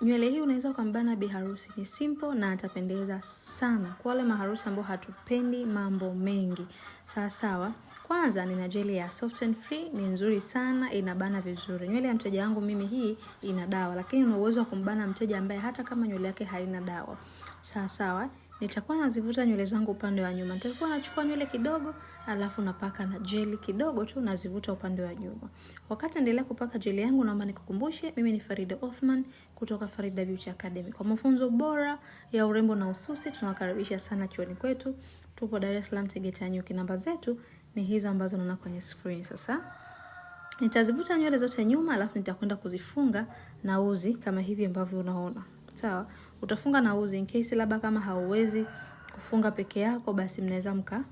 Nywele hii unaweza ukambana bi harusi, ni simple na atapendeza sana. Kwa wale maharusi ambao hatupendi mambo mengi, sawa sawa, kwanza nina jeli ya Soft and Free, ni nzuri sana, inabana vizuri. Nywele ya mteja wangu mimi hii ina dawa, lakini una uwezo wa kumbana mteja ambaye hata kama nywele yake haina dawa. Sawa sawa. Nitakuwa nazivuta nywele zangu upande wa nyuma. Nitakuwa nachukua nywele kidogo, alafu napaka na jeli kidogo tu nazivuta upande wa nyuma. Wakati endelea kupaka jeli yangu, naomba nikukumbushe, mimi ni Farida Othman kutoka Farida Beauty Academy. Kwa mafunzo bora ya urembo na ususi, tunawakaribisha sana chuoni kwetu. Tupo Dar es Salaam Tegeta Nyuki. Namba zetu ni hizo ambazo naona kwenye screen. Sasa nitazivuta nywele zote nyuma, alafu nitakwenda kuzifunga na uzi kama hivi ambavyo unaona. Sawa, utafunga na uzi in case labda kama hauwezi kufunga peke yako, basi mnaweza mka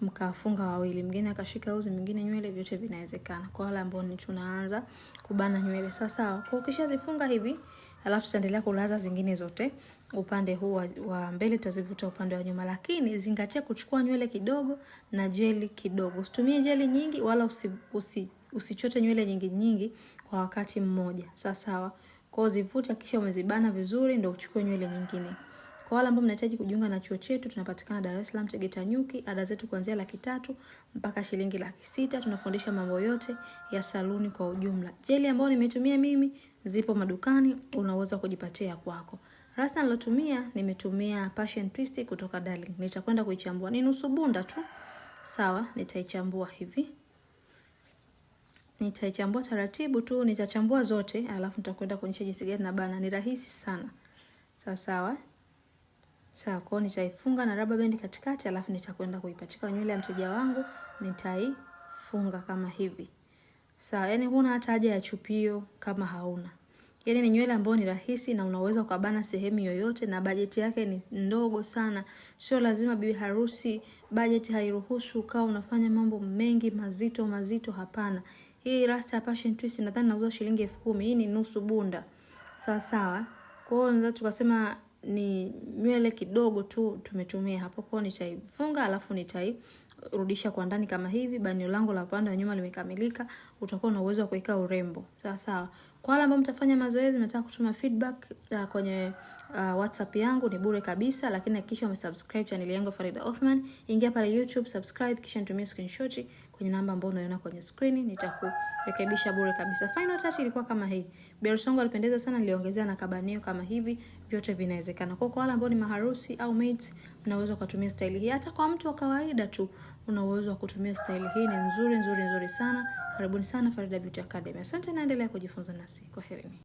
mkafunga wawili, mwingine akashika uzi, mwingine nywele, vyote vinawezekana kwa wale ambao ni tunaanza kubana nywele. Sasa kwa ukishazifunga hivi, alafu tutaendelea kulaza zingine zote. Upande huu wa mbele tutazivuta upande wa nyuma, lakini zingatia kuchukua nywele kidogo na jeli kidogo. Usitumie jeli nyingi wala usi, usi, usichote nywele nyingi nyingi kwa wakati mmoja. Sawa sawa. Kwa zivuta, kisha umezibana vizuri, ndio uchukue nywele nyingine. Kwa wale ambao mnahitaji kujiunga na chuo chetu, tunapatikana Dar es Salaam Tegeta Nyuki. Ada zetu kuanzia laki tatu mpaka shilingi laki sita. Tunafundisha mambo yote ya saluni kwa ujumla. Jeli ambayo nimetumia mimi zipo madukani, unaweza kujipatia kwako. Rasta nilotumia nimetumia Passion Twist kutoka Darling. Nitakwenda kuichambua. Ni nusu bunda tu. Sawa, nitaichambua hivi. Nitaichambua taratibu tu, nitachambua zote, alafu nitakwenda kuonyesha jinsi gani na bana. Ni rahisi sana. Sawa sawa. Sawa, kwao nitaifunga na rubber band katikati, alafu nitakwenda kuipachika nywele ya mteja wangu, nitaifunga kama hivi. Sawa, yani huna hata haja ya chupio kama hauna. Yani ni nywele ambayo ni rahisi na unaweza ukabana sehemu yoyote na bajeti yake ni ndogo sana. Sio lazima bibi harusi, bajeti hairuhusu ukawa unafanya mambo mengi mazito mazito, hapana. Hii rasta ya passion twist nadhani nauza shilingi elfu kumi. Hii ni nusu bunda. Sawa sawa. Kwao tukasema ni nywele kidogo tu tumetumia hapo, kwa nitaifunga alafu nitairudisha kwa ndani kama hivi. Banio langu la upande wa nyuma limekamilika, utakuwa na uwezo wa kuweka urembo sawa sawa. Kwa wale ambao mtafanya mazoezi, nataka kutuma feedback uh, kwenye uh, WhatsApp yangu ni bure kabisa, lakini hakikisha umesubscribe channel yangu Farida Othman. Ingia pale YouTube, subscribe kisha nitumie screenshot kwenye namba ambayo unaiona kwenye screen, nitakurekebisha bure kabisa. Final touch ilikuwa kama hii. Berusongo alipendeza sana, niliongezea na kabanio kama hivi, vyote vinawezekana. Kwa wale ambao ni maharusi au maids, mnaweza kutumia style hii. Hata kwa mtu wa kawaida tu, una uwezo wa kutumia style hii, ni nzuri nzuri nzuri sana. Karibuni sana Farida Beauty Academy. Asante, naendelea kujifunza nasi. Kwaherini.